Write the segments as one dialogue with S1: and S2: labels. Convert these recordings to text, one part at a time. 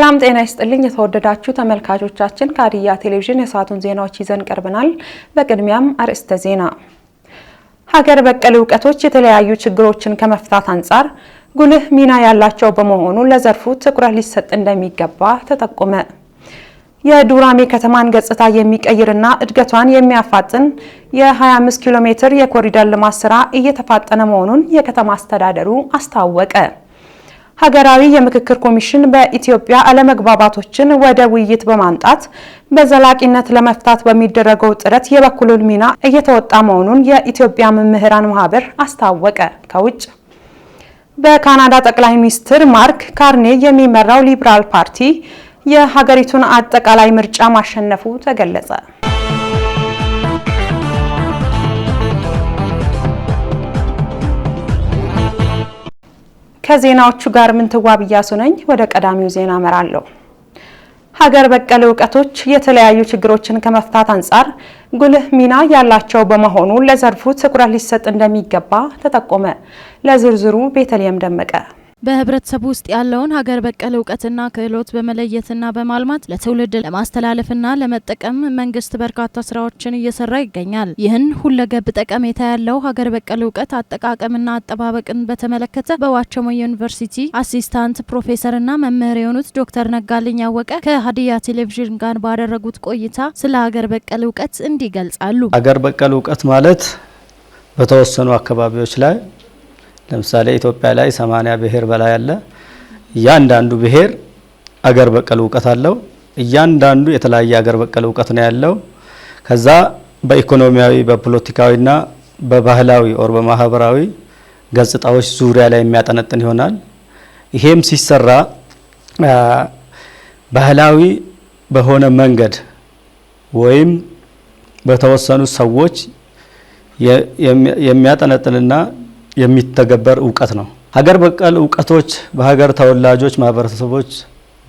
S1: ሰላም ጤና ይስጥልኝ። የተወደዳችሁ ተመልካቾቻችን ከሀዲያ ቴሌቪዥን የሰዓቱን ዜናዎች ይዘን ቀርበናል። በቅድሚያም አርዕስተ ዜና። ሀገር በቀል እውቀቶች የተለያዩ ችግሮችን ከመፍታት አንጻር ጉልህ ሚና ያላቸው በመሆኑ ለዘርፉ ትኩረት ሊሰጥ እንደሚገባ ተጠቆመ። የዱራሜ ከተማን ገጽታ የሚቀይርና እድገቷን የሚያፋጥን የ25 ኪሎ ሜትር የኮሪደር ልማት ስራ እየተፋጠነ መሆኑን የከተማ አስተዳደሩ አስታወቀ። ሀገራዊ የምክክር ኮሚሽን በኢትዮጵያ አለመግባባቶችን ወደ ውይይት በማምጣት በዘላቂነት ለመፍታት በሚደረገው ጥረት የበኩሉን ሚና እየተወጣ መሆኑን የኢትዮጵያ መምህራን ማህበር አስታወቀ። ከውጭ በካናዳ ጠቅላይ ሚኒስትር ማርክ ካርኔ የሚመራው ሊብራል ፓርቲ የሀገሪቱን አጠቃላይ ምርጫ ማሸነፉ ተገለጸ። ከዜናዎቹ ጋር ምንትዋብ እያሱ ነኝ። ወደ ቀዳሚው ዜና አመራለሁ። ሀገር በቀል እውቀቶች የተለያዩ ችግሮችን ከመፍታት አንጻር ጉልህ ሚና ያላቸው በመሆኑ ለዘርፉ ትኩረት ሊሰጥ እንደሚገባ ተጠቆመ። ለዝርዝሩ ቤተልሔም ደመቀ በህብረተሰቡ ውስጥ ያለውን ሀገር በቀል እውቀትና ክህሎት በመለየትና በማልማት ለትውልድ ለማስተላለፍና ለመጠቀም መንግስት በርካታ ስራዎችን እየሰራ ይገኛል። ይህን ሁለገብ ጠቀሜታ ያለው ሀገር በቀል እውቀት አጠቃቀምና አጠባበቅን በተመለከተ በዋቸሞ ዩኒቨርሲቲ አሲስታንት ፕሮፌሰርና መምህር የሆኑት ዶክተር ነጋልኝ ያወቀ ከሀዲያ ቴሌቪዥን ጋር ባደረጉት ቆይታ ስለ ሀገር በቀል እውቀት እንዲገልጻሉ።
S2: ሀገር በቀል እውቀት ማለት በተወሰኑ አካባቢዎች ላይ ለምሳሌ ኢትዮጵያ ላይ ሰማንያ ብሔር በላይ አለ። እያንዳንዱ ብሔር አገር በቀል እውቀት አለው። እያንዳንዱ የተለያየ አገር በቀል እውቀት ነው ያለው። ከዛ በኢኮኖሚያዊ በፖለቲካዊና በባህላዊ ኦር በማህበራዊ ገጽታዎች ዙሪያ ላይ የሚያጠነጥን ይሆናል። ይሄም ሲሰራ ባህላዊ በሆነ መንገድ ወይም በተወሰኑ ሰዎች የሚያጠነጥንና የሚተገበር እውቀት ነው። ሀገር በቀል እውቀቶች በሀገር ተወላጆች ማህበረሰቦች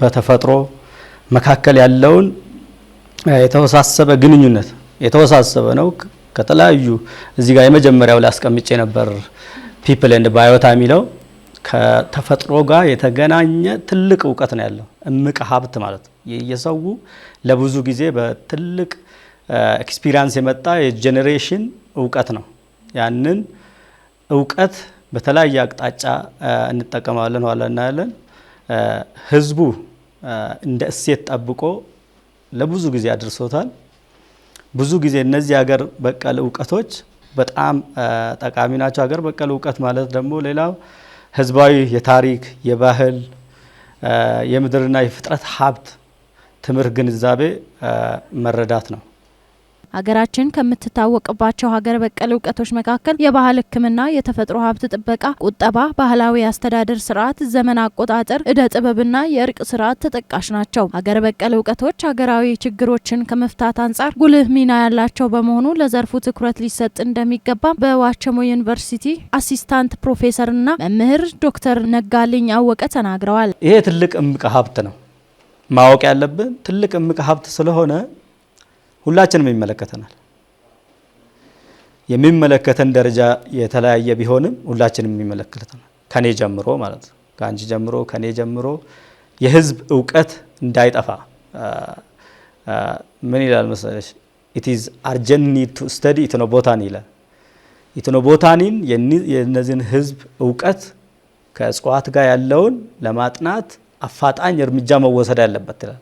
S2: በተፈጥሮ መካከል ያለውን የተወሳሰበ ግንኙነት የተወሳሰበ ነው። ከተለያዩ እዚህ ጋር የመጀመሪያው ላይ አስቀምጬ ነበር ፒፕል ኤንድ ባዮታ የሚለው ከተፈጥሮ ጋር የተገናኘ ትልቅ እውቀት ነው ያለው እምቅ ሀብት ማለት የሰው ለብዙ ጊዜ በትልቅ ኤክስፒሪያንስ የመጣ የጄኔሬሽን እውቀት ነው ያንን እውቀት በተለያየ አቅጣጫ እንጠቀማለን፣ ኋላ እናያለን። ህዝቡ እንደ እሴት ጠብቆ ለብዙ ጊዜ አድርሶታል። ብዙ ጊዜ እነዚህ ሀገር በቀል እውቀቶች በጣም ጠቃሚ ናቸው። ሀገር በቀል እውቀት ማለት ደግሞ ሌላው ህዝባዊ የታሪክ የባህል የምድርና የፍጥረት ሀብት ትምህርት ግንዛቤ መረዳት ነው።
S1: ሀገራችን ከምትታወቅባቸው ሀገር በቀል እውቀቶች መካከል የባህል ሕክምና፣ የተፈጥሮ ሀብት ጥበቃ፣ ቁጠባ፣ ባህላዊ አስተዳደር ስርዓት፣ ዘመን አቆጣጠር፣ እደ ጥበብና የእርቅ ስርዓት ተጠቃሽ ናቸው። ሀገር በቀል እውቀቶች ሀገራዊ ችግሮችን ከመፍታት አንጻር ጉልህ ሚና ያላቸው በመሆኑ ለዘርፉ ትኩረት ሊሰጥ እንደሚገባ በዋቸሞ ዩኒቨርሲቲ አሲስታንት ፕሮፌሰርና መምህር ዶክተር ነጋልኝ አወቀ ተናግረዋል።
S2: ይሄ ትልቅ እምቅ ሀብት ነው። ማወቅ ያለብን ትልቅ እምቅ ሀብት ስለሆነ ሁላችንም ይመለከተናል። የሚመለከተን ደረጃ የተለያየ ቢሆንም ሁላችንም የሚመለከተናል። ከኔ ጀምሮ ማለት ነው፣ ከአንቺ ጀምሮ፣ ከኔ ጀምሮ የህዝብ እውቀት እንዳይጠፋ ምን ይላል መሰለሽ? ኢት ኢዝ አርጀንት ኒድ ቱ ስተዲ ኢትኖ ቦታን ይላል። ኢትኖ ቦታኒን የነዚህን ህዝብ እውቀት ከእጽዋት ጋር ያለውን ለማጥናት አፋጣኝ እርምጃ መወሰድ ያለበት ይላል።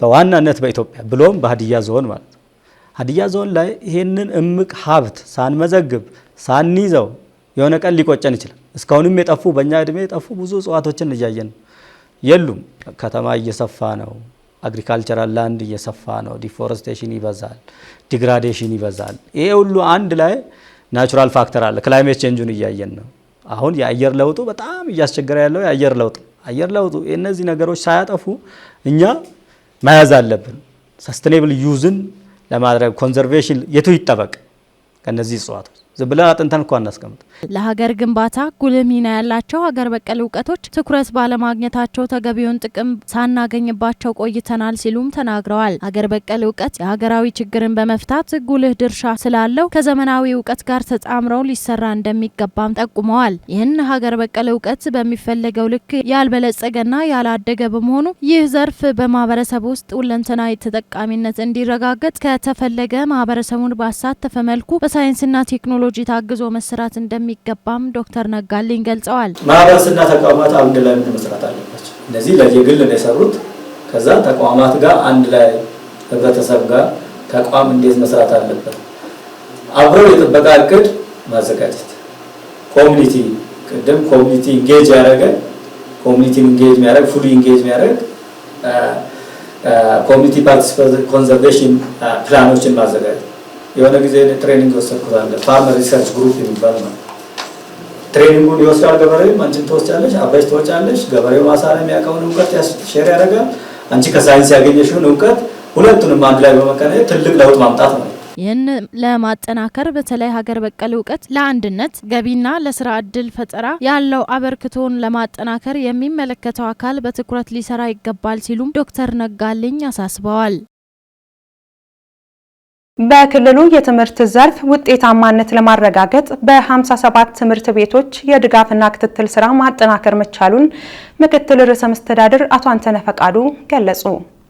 S2: በዋናነት በኢትዮጵያ ብሎም በሀዲያ ዞን ማለት ነው። ሀዲያ ዞን ላይ ይህንን እምቅ ሀብት ሳንመዘግብ ሳንይዘው የሆነ ቀን ሊቆጨን ይችላል። እስካሁንም የጠፉ በእኛ እድሜ የጠፉ ብዙ እጽዋቶችን እያየን ነው፣ የሉም። ከተማ እየሰፋ ነው። አግሪካልቸራል ላንድ እየሰፋ ነው። ዲፎረስቴሽን ይበዛል፣ ዲግራዴሽን ይበዛል። ይሄ ሁሉ አንድ ላይ ናቹራል ፋክተር አለ። ክላይሜት ቼንጁን እያየን ነው። አሁን የአየር ለውጡ በጣም እያስቸገረ ያለው የአየር ለውጥ አየር ለውጡ እነዚህ ነገሮች ሳያጠፉ እኛ መያዝ አለብን። ሰስቴኔብል ዩዝን ለማድረግ ኮንዘርቬሽን የቱ ይጠበቅ? ከነዚህ እጽዋቶች ብለን አጥንተን እኳ እናስቀምጥ።
S1: ለሀገር ግንባታ ጉልህ ሚና ያላቸው ሀገር በቀል እውቀቶች ትኩረት ባለማግኘታቸው ተገቢውን ጥቅም ሳናገኝባቸው ቆይተናል ሲሉም ተናግረዋል። ሀገር በቀል እውቀት የሀገራዊ ችግርን በመፍታት ጉልህ ድርሻ ስላለው ከዘመናዊ እውቀት ጋር ተጣምረው ሊሰራ እንደሚገባም ጠቁመዋል። ይህን ሀገር በቀል እውቀት በሚፈለገው ልክ ያልበለጸገና ያላደገ በመሆኑ ይህ ዘርፍ በማህበረሰብ ውስጥ ሁለንተናዊ ተጠቃሚነት እንዲረጋገጥ ከተፈለገ ማህበረሰቡን ባሳተፈ መልኩ በሳይንስና ቴክኖሎጂ ታግዞ መሰራት እንደሚገባም ዶክተር ነጋልኝ ገልጸዋል።
S2: ማህበረሰብና ተቋማት አንድ ላይ መስራት አለባቸው። እነዚህ ለየግል ነው የሰሩት። ከዛ ተቋማት ጋር አንድ ላይ ህብረተሰብ ጋር ተቋም እንዴት መስራት አለበት፣ አብሮ የጥበቃ እቅድ ማዘጋጀት፣ ኮሚኒቲ ቅድም ኮሚኒቲ ኢንጌጅ ያደረገ ኮሚኒቲ ኢንጌጅ የሚያደርግ ፉሊ ኢንጌጅ የሚያደርግ ኮሚኒቲ ፓርቲሲፔሽን ኮንዘርቬሽን ፕላኖችን ማዘጋጀት የሆነ ጊዜ ትሬኒንግ የወሰድኩት አለ ሪሰርች ግሩፕ የሚባል ነው። ትሬኒንጉን ይወስዳል ገበሬው፣ አንቺን ትወስጃለሽ፣ አባሽ ትወጫለሽ። ገበሬው ማሳ ላይ የሚያውቀውን እውቀት ሼር ያደርጋል፣ አንቺ ከሳይንስ ያገኘሽውን እውቀት፣ ሁለቱንም አንድ ላይ በመቀናኘት ትልቅ ለውጥ ማምጣት ነው።
S1: ይህን ለማጠናከር በተለይ ሀገር በቀል እውቀት ለአንድነት ገቢና ለስራ እድል ፈጠራ ያለው አበርክቶን ለማጠናከር የሚመለከተው አካል በትኩረት ሊሰራ ይገባል ሲሉም ዶክተር ነጋልኝ አሳስበዋል። በክልሉ የትምህርት ዘርፍ ውጤታማነት ለማረጋገጥ በ57 ትምህርት ቤቶች የድጋፍና ክትትል ስራ ማጠናከር መቻሉን ምክትል ርዕሰ መስተዳድር አቶ አንተነህ ፈቃዱ ገለጹ።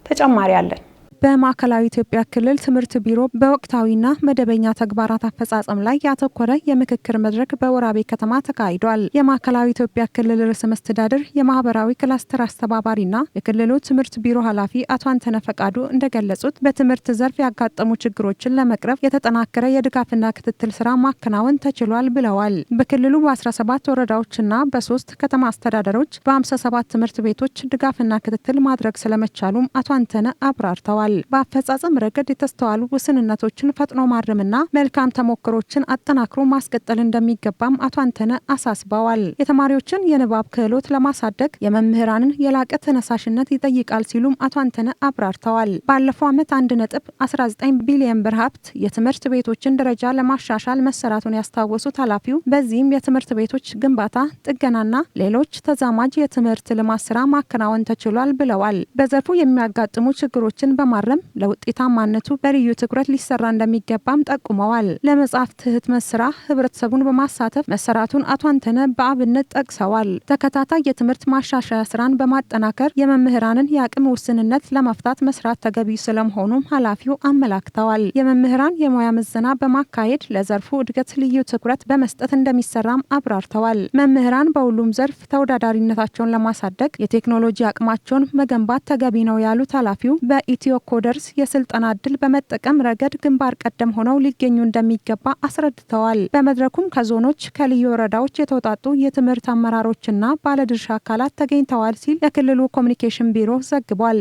S1: ተጨማሪ አለን። በማዕከላዊ ኢትዮጵያ ክልል ትምህርት ቢሮ በወቅታዊና መደበኛ ተግባራት አፈጻጸም ላይ ያተኮረ የምክክር መድረክ በወራቤ ከተማ ተካሂዷል። የማዕከላዊ ኢትዮጵያ ክልል ርዕሰ መስተዳድር የማህበራዊ ክላስተር አስተባባሪና የክልሉ ትምህርት ቢሮ ኃላፊ አቶ አንተነ ፈቃዱ እንደገለጹት በትምህርት ዘርፍ ያጋጠሙ ችግሮችን ለመቅረፍ የተጠናከረ የድጋፍና ክትትል ስራ ማከናወን ተችሏል ብለዋል። በክልሉ በ17 ወረዳዎችና በሶስት ከተማ አስተዳደሮች በ57 ትምህርት ቤቶች ድጋፍና ክትትል ማድረግ ስለመቻሉም አቶ አንተነ አብራርተዋል። አስታውቀዋል። በአፈጻጸም ረገድ የተስተዋሉ ውስንነቶችን ፈጥኖ ማረምና መልካም ተሞክሮችን አጠናክሮ ማስቀጠል እንደሚገባም አቶ አንተነ አሳስበዋል። የተማሪዎችን የንባብ ክህሎት ለማሳደግ የመምህራንን የላቀ ተነሳሽነት ይጠይቃል ሲሉም አቶ አንተነ አብራርተዋል። ባለፈው ዓመት 1.19 ቢሊዮን ብር ሀብት የትምህርት ቤቶችን ደረጃ ለማሻሻል መሰራቱን ያስታወሱት ኃላፊው በዚህም የትምህርት ቤቶች ግንባታ፣ ጥገናና ሌሎች ተዛማጅ የትምህርት ልማት ስራ ማከናወን ተችሏል ብለዋል። በዘርፉ የሚያጋጥሙ ችግሮችን በማ በማረም ለውጤታማነቱ በልዩ ትኩረት ሊሰራ እንደሚገባም ጠቁመዋል። ለመጽሐፍት ህትመት ስራ ህብረተሰቡን በማሳተፍ መሰራቱን አቶ አንተነ በአብነት ጠቅሰዋል። ተከታታይ የትምህርት ማሻሻያ ስራን በማጠናከር የመምህራንን የአቅም ውስንነት ለመፍታት መስራት ተገቢ ስለመሆኑም ኃላፊው አመላክተዋል። የመምህራን የሙያ ምዘና በማካሄድ ለዘርፉ እድገት ልዩ ትኩረት በመስጠት እንደሚሰራም አብራርተዋል። መምህራን በሁሉም ዘርፍ ተወዳዳሪነታቸውን ለማሳደግ የቴክኖሎጂ አቅማቸውን መገንባት ተገቢ ነው ያሉት ኃላፊው በኢትዮ ኮደርስ የስልጠና እድል በመጠቀም ረገድ ግንባር ቀደም ሆነው ሊገኙ እንደሚገባ አስረድተዋል። በመድረኩም ከዞኖች ከልዩ ወረዳዎች የተውጣጡ የትምህርት አመራሮችና ባለድርሻ አካላት ተገኝተዋል ሲል የክልሉ ኮሚኒኬሽን ቢሮ ዘግቧል።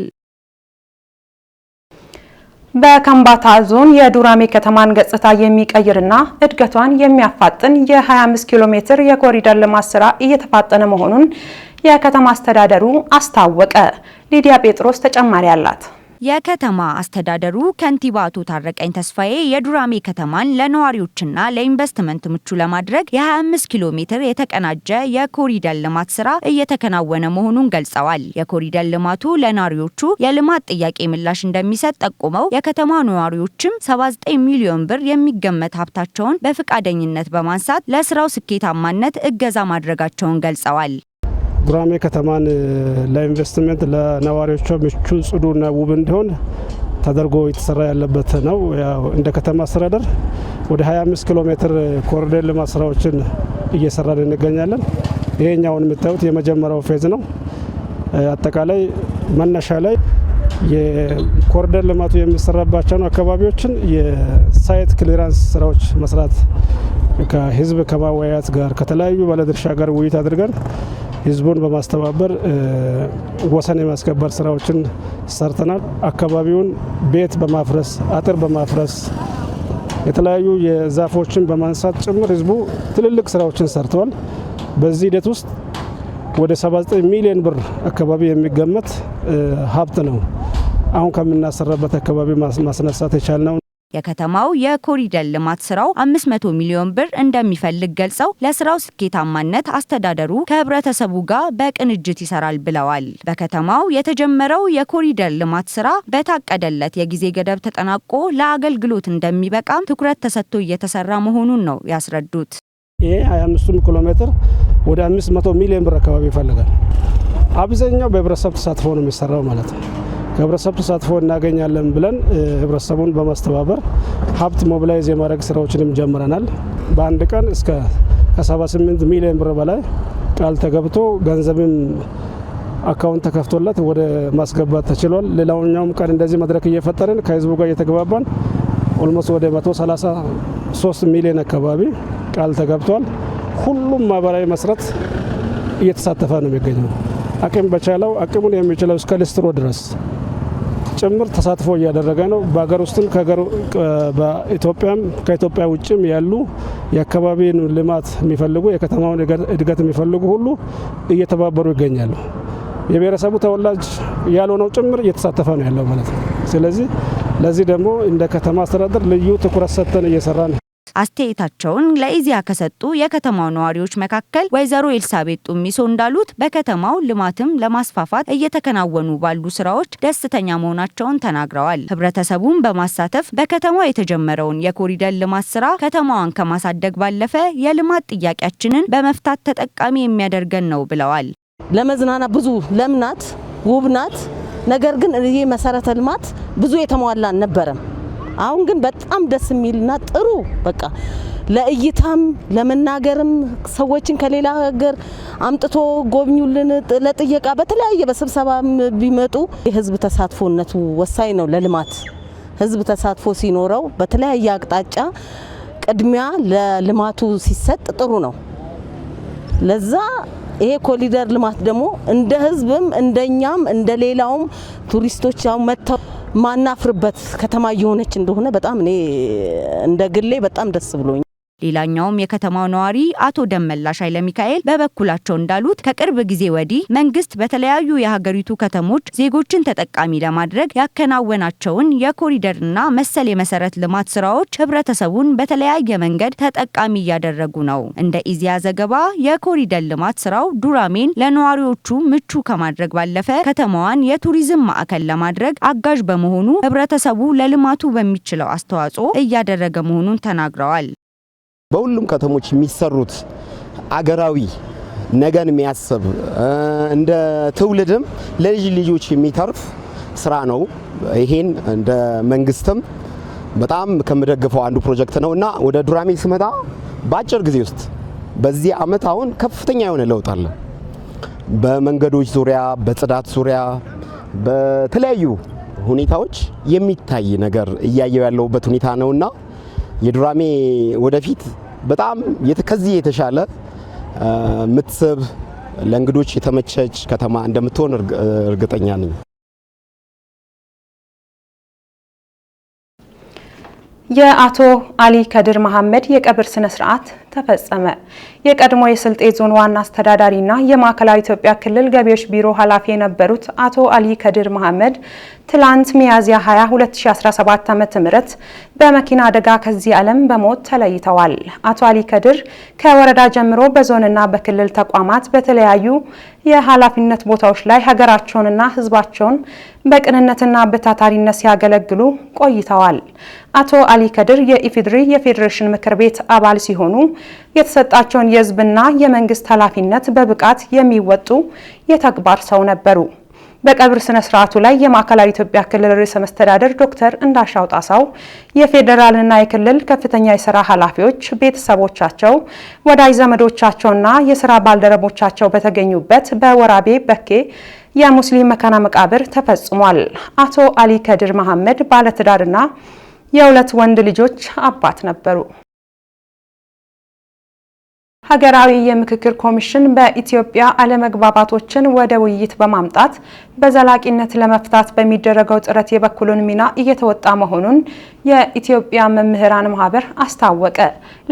S1: በከምባታ ዞን የዱራሜ ከተማን ገጽታ የሚቀይርና እድገቷን የሚያፋጥን የ25 ኪሎ ሜትር የኮሪደር ልማት ስራ እየተፋጠነ መሆኑን የከተማ አስተዳደሩ አስታወቀ። ሊዲያ ጴጥሮስ ተጨማሪ አላት። የከተማ አስተዳደሩ ከንቲባ አቶ ታረቀኝ ተስፋዬ የዱራሜ ከተማን ለነዋሪዎችና ለኢንቨስትመንት ምቹ ለማድረግ የ25 ኪሎ ሜትር የተቀናጀ የኮሪደር ልማት ስራ እየተከናወነ መሆኑን ገልጸዋል። የኮሪደር ልማቱ ለነዋሪዎቹ የልማት ጥያቄ ምላሽ እንደሚሰጥ ጠቁመው የከተማ ነዋሪዎችም 79 ሚሊዮን ብር የሚገመት ሀብታቸውን በፈቃደኝነት በማንሳት ለስራው ስኬታማነት እገዛ ማድረጋቸውን ገልጸዋል።
S3: ጉራሜ ከተማን ለኢንቨስትመንት ለነዋሪዎቿ ምቹ፣ ጽዱና ውብ እንዲሆን ተደርጎ የተሰራ ያለበት ነው። እንደ ከተማ አስተዳደር ወደ 25 ኪሎ ሜትር ኮሪደር ልማት ስራዎችን እየሰራን እንገኛለን። ይሄኛውን የምታዩት የመጀመሪያው ፌዝ ነው። አጠቃላይ መነሻ ላይ የኮሪደር ልማቱ የሚሰራባቸውን አካባቢዎችን የሳይት ክሊራንስ ስራዎች መስራት ከህዝብ ከማወያየት ጋር ከተለያዩ ባለድርሻ ጋር ውይይት አድርገን ህዝቡን በማስተባበር ወሰን የማስከበር ስራዎችን ሰርተናል። አካባቢውን ቤት በማፍረስ አጥር በማፍረስ የተለያዩ የዛፎችን በማንሳት ጭምር ህዝቡ ትልልቅ ስራዎችን ሰርተዋል። በዚህ ሂደት ውስጥ ወደ 79 ሚሊዮን ብር አካባቢ የሚገመት ሀብት ነው አሁን ከምናሰራበት አካባቢ ማስነሳት የቻልነው።
S1: የከተማው የኮሪደር ልማት ስራው 500 ሚሊዮን ብር እንደሚፈልግ ገልጸው ለስራው ስኬታማነት አስተዳደሩ ከህብረተሰቡ ጋር በቅንጅት ይሰራል ብለዋል። በከተማው የተጀመረው የኮሪደር ልማት ስራ በታቀደለት የጊዜ ገደብ ተጠናቆ ለአገልግሎት እንደሚበቃም ትኩረት ተሰጥቶ እየተሰራ መሆኑን ነው ያስረዱት።
S3: ይህ 25 ኪሎ ሜትር ወደ 500 ሚሊዮን ብር አካባቢ ይፈልጋል። አብዛኛው በህብረተሰብ ተሳትፎ ነው የሚሰራው ማለት ነው። ከህብረተሰብ ተሳትፎ እናገኛለን ብለን ህብረተሰቡን በማስተባበር ሀብት ሞቢላይዝ የማድረግ ስራዎችንም ጀምረናል። በአንድ ቀን እስከ ከ78 ሚሊዮን ብር በላይ ቃል ተገብቶ ገንዘብም አካውንት ተከፍቶለት ወደ ማስገባት ተችሏል። ሌላውኛውም ቀን እንደዚህ መድረክ እየፈጠርን ከህዝቡ ጋር እየተግባባን ኦልሞስ ወደ 133 ሚሊዮን አካባቢ ቃል ተገብቷል። ሁሉም ማህበራዊ መስረት እየተሳተፈ ነው የሚገኘው አቅም በቻለው አቅሙን የሚችለው እስከ ሊስትሮ ድረስ ጭምር ተሳትፎ እያደረገ ነው። በሀገር ውስጥም በኢትዮጵያም ከኢትዮጵያ ውጭም ያሉ የአካባቢን ልማት የሚፈልጉ የከተማውን እድገት የሚፈልጉ ሁሉ እየተባበሩ ይገኛሉ። የብሔረሰቡ ተወላጅ ያልሆነው ጭምር እየተሳተፈ ነው ያለው ማለት ነው። ስለዚህ ለዚህ ደግሞ እንደ ከተማ አስተዳደር ልዩ ትኩረት ሰጥተን እየሰራ ነው።
S1: አስተያየታቸውን ለኢዜአ ከሰጡ የከተማው ነዋሪዎች መካከል ወይዘሮ ኤልሳቤጥ ጡሚሶ እንዳሉት በከተማው ልማትም ለማስፋፋት እየተከናወኑ ባሉ ስራዎች ደስተኛ መሆናቸውን ተናግረዋል። ህብረተሰቡን በማሳተፍ በከተማው የተጀመረውን የኮሪደር ልማት ስራ ከተማዋን ከማሳደግ ባለፈ የልማት ጥያቄያችንን በመፍታት ተጠቃሚ የሚያደርገን ነው ብለዋል።
S4: ለመዝናና ብዙ ለምናት ውብናት፣ ነገር ግን ይህ መሰረተ ልማት ብዙ የተሟላ አልነበረም። አሁን ግን በጣም ደስ የሚልና ጥሩ በቃ ለእይታም ለመናገርም ሰዎችን ከሌላ ሀገር አምጥቶ ጎብኙልን፣ ለጥየቃ በተለያየ በስብሰባም ቢመጡ የህዝብ ተሳትፎነቱ ወሳኝ ነው ለልማት። ህዝብ ተሳትፎ ሲኖረው በተለያየ አቅጣጫ ቅድሚያ ለልማቱ ሲሰጥ ጥሩ ነው ለዛ ይሄ ኮሊደር ልማት ደግሞ እንደ ህዝብም እንደኛም እንደ ሌላውም ቱሪስቶች ያው መጥተው ማናፍርበት ከተማ እየሆነች እንደሆነ በጣም እኔ እንደ ግሌ በጣም ደስ ብሎኝ
S1: ሌላኛውም የከተማው ነዋሪ አቶ ደመላሽ ኃይለ ሚካኤል በበኩላቸው እንዳሉት ከቅርብ ጊዜ ወዲህ መንግስት በተለያዩ የሀገሪቱ ከተሞች ዜጎችን ተጠቃሚ ለማድረግ ያከናወናቸውን የኮሪደርና መሰል የመሰረት ልማት ስራዎች ህብረተሰቡን በተለያየ መንገድ ተጠቃሚ እያደረጉ ነው። እንደ ኢዜአ ዘገባ የኮሪደር ልማት ስራው ዱራሜን ለነዋሪዎቹ ምቹ ከማድረግ ባለፈ ከተማዋን የቱሪዝም ማዕከል ለማድረግ አጋዥ በመሆኑ ህብረተሰቡ ለልማቱ በሚችለው አስተዋጽኦ እያደረገ መሆኑን ተናግረዋል።
S2: በሁሉም ከተሞች የሚሰሩት አገራዊ ነገን የሚያስብ እንደ ትውልድም ለልጅ ልጆች የሚተርፍ ስራ ነው። ይሄን እንደ መንግስትም በጣም ከምደግፈው አንዱ ፕሮጀክት ነው እና ወደ ዱራሜ ስመጣ በአጭር ጊዜ ውስጥ በዚህ አመት አሁን ከፍተኛ የሆነ ለውጥ አለ። በመንገዶች ዙሪያ፣ በጽዳት ዙሪያ፣ በተለያዩ ሁኔታዎች የሚታይ ነገር እያየው ያለውበት ሁኔታ ነውና የዱራሜ ወደፊት በጣም ከዚህ የተሻለ ምትስብ ለእንግዶች የተመቸች ከተማ እንደምትሆን እርግጠኛ ነኝ።
S1: የአቶ አሊ ከድር መሐመድ የቀብር ስነ ስርዓት ተፈጸመ። የቀድሞ የስልጤ ዞን ዋና አስተዳዳሪና የማዕከላዊ ኢትዮጵያ ክልል ገቢዎች ቢሮ ኃላፊ የነበሩት አቶ አሊ ከድር መሐመድ ትላንት ሚያዝያ 20 2017 ዓ.ም በመኪና አደጋ ከዚህ ዓለም በሞት ተለይተዋል። አቶ አሊ ከድር ከወረዳ ጀምሮ በዞንና በክልል ተቋማት በተለያዩ የኃላፊነት ቦታዎች ላይ ሀገራቸውንና ሕዝባቸውን በቅንነትና በታታሪነት ሲያገለግሉ ቆይተዋል። አቶ አሊ ከድር የኢፌዴሪ የፌዴሬሽን ምክር ቤት አባል ሲሆኑ የተሰጣቸውን የሕዝብና የመንግስት ኃላፊነት በብቃት የሚወጡ የተግባር ሰው ነበሩ። በቀብር ስነ ስርዓቱ ላይ የማዕከላዊ ኢትዮጵያ ክልል ርዕሰ መስተዳደር ዶክተር እንዳሻው ጣሳው፣ የፌዴራልና የክልል ከፍተኛ የስራ ኃላፊዎች፣ ቤተሰቦቻቸው፣ ወዳጅ ዘመዶቻቸውና የስራ ባልደረቦቻቸው በተገኙበት በወራቤ በኬ የሙስሊም መካና መቃብር ተፈጽሟል። አቶ አሊ ከድር መሐመድ ባለትዳርና የሁለት ወንድ ልጆች አባት ነበሩ። ሀገራዊ የምክክር ኮሚሽን በኢትዮጵያ አለመግባባቶችን ወደ ውይይት በማምጣት በዘላቂነት ለመፍታት በሚደረገው ጥረት የበኩሉን ሚና እየተወጣ መሆኑን የኢትዮጵያ መምህራን ማህበር አስታወቀ።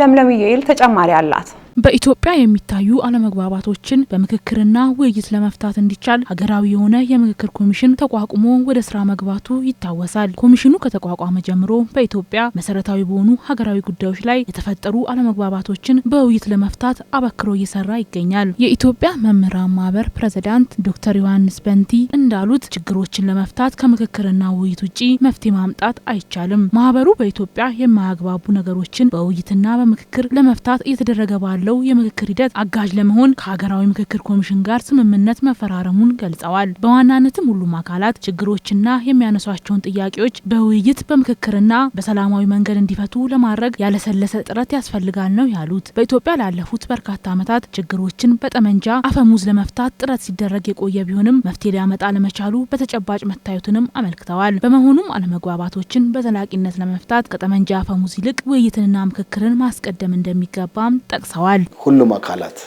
S1: ለምለም ዩኤል ተጨማሪ አላት። በኢትዮጵያ የሚታዩ አለመግባባቶችን በምክክርና ውይይት ለመፍታት እንዲቻል ሀገራዊ የሆነ የምክክር ኮሚሽን ተቋቁሞ ወደ ስራ መግባቱ ይታወሳል። ኮሚሽኑ ከተቋቋመ ጀምሮ በኢትዮጵያ መሰረታዊ በሆኑ ሀገራዊ ጉዳዮች ላይ የተፈጠሩ አለመግባባቶችን በውይይት ለመፍታት አበክሮ እየሰራ ይገኛል። የኢትዮጵያ መምህራን ማህበር ፕሬዚዳንት ዶክተር ዮሐንስ በንቲ እንዳሉት ችግሮችን ለመፍታት ከምክክርና ውይይት ውጪ መፍትሄ ማምጣት አይቻልም። ማህበሩ በኢትዮጵያ የማያግባቡ ነገሮችን በውይይትና በምክክር ለመፍታት እየተደረገ ባለው ላለው የምክክር ሂደት አጋዥ ለመሆን ከሀገራዊ ምክክር ኮሚሽን ጋር ስምምነት መፈራረሙን ገልጸዋል። በዋናነትም ሁሉም አካላት ችግሮችና የሚያነሷቸውን ጥያቄዎች በውይይት በምክክርና በሰላማዊ መንገድ እንዲፈቱ ለማድረግ ያለሰለሰ ጥረት ያስፈልጋል ነው ያሉት። በኢትዮጵያ ላለፉት በርካታ ዓመታት ችግሮችን በጠመንጃ አፈሙዝ ለመፍታት ጥረት ሲደረግ የቆየ ቢሆንም መፍትሄ ሊያመጣ ለመቻሉ በተጨባጭ መታየቱንም አመልክተዋል። በመሆኑም አለመግባባቶችን በዘላቂነት ለመፍታት ከጠመንጃ አፈሙዝ ይልቅ ውይይትንና ምክክርን ማስቀደም እንደሚገባም ጠቅሰዋል። ተናግረዋል።
S2: ሁሉም አካላት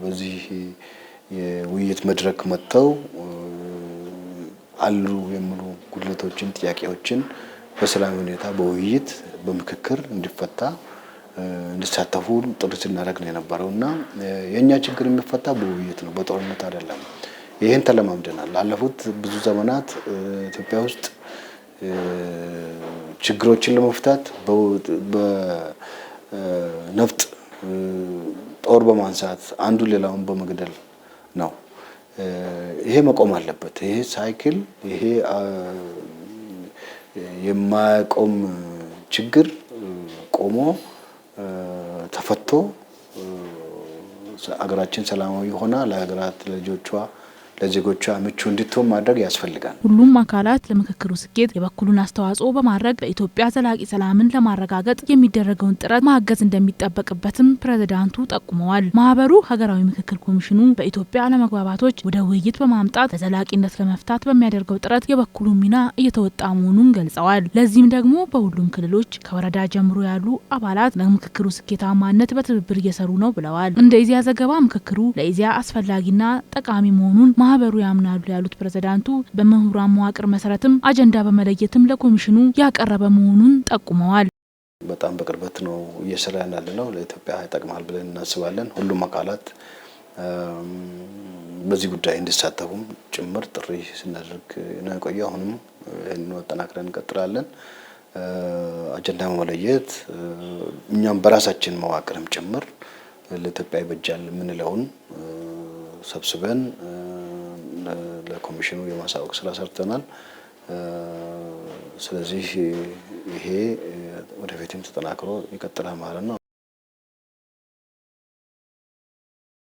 S2: በዚህ የውይይት መድረክ መጥተው አሉ የሚሉ ጉድለቶችን፣ ጥያቄዎችን በሰላም ሁኔታ በውይይት በምክክር እንዲፈታ እንዲሳተፉ ጥሪ ስናደርግ ነው የነበረው እና የእኛ ችግር የሚፈታ በውይይት ነው፣ በጦርነት አይደለም። ይህን ተለማምደናል። ላለፉት ብዙ ዘመናት ኢትዮጵያ ውስጥ ችግሮችን ለመፍታት በነፍጥ ጦር በማንሳት አንዱ ሌላውን በመግደል ነው። ይሄ መቆም አለበት። ይሄ ሳይክል ይሄ የማያቆም ችግር ቆሞ ተፈቶ አገራችን ሰላማዊ ሆና ለሀገራት ለልጆቿ ለዜጎቿ ምቹ እንድትሆን ማድረግ ያስፈልጋል።
S1: ሁሉም አካላት ለምክክሩ ስኬት የበኩሉን አስተዋጽኦ በማድረግ በኢትዮጵያ ዘላቂ ሰላምን ለማረጋገጥ የሚደረገውን ጥረት ማገዝ እንደሚጠበቅበትም ፕሬዝዳንቱ ጠቁመዋል። ማህበሩ ሀገራዊ ምክክር ኮሚሽኑ በኢትዮጵያ አለመግባባቶች ወደ ውይይት በማምጣት በዘላቂነት ለመፍታት በሚያደርገው ጥረት የበኩሉ ሚና እየተወጣ መሆኑን ገልጸዋል። ለዚህም ደግሞ በሁሉም ክልሎች ከወረዳ ጀምሮ ያሉ አባላት ለምክክሩ ስኬታማነት በትብብር እየሰሩ ነው ብለዋል። እንደ ኢዜአ ዘገባ ምክክሩ ለኢዜአ አስፈላጊና ጠቃሚ መሆኑን ማህበሩ ያምናሉ ያሉት ፕሬዝዳንቱ በምሁራን መዋቅር መሰረትም አጀንዳ በመለየትም ለኮሚሽኑ ያቀረበ መሆኑን ጠቁመዋል።
S2: በጣም በቅርበት ነው እየሰራ ያለ ነው። ለኢትዮጵያ ይጠቅማል ብለን እናስባለን። ሁሉም አካላት በዚህ ጉዳይ እንዲሳተፉም ጭምር ጥሪ ስናደርግ ነው የቆየ። አሁንም ይህን አጠናክረን እንቀጥላለን። አጀንዳ መለየት እኛም በራሳችን መዋቅርም ጭምር ለኢትዮጵያ ይበጃል የምንለውን ሰብስበን ለኮሚሽኑ የማሳወቅ ስራ ሰርተናል። ስለዚህ ይሄ ወደፊትም ተጠናክሮ ይቀጥላል ማለት ነው።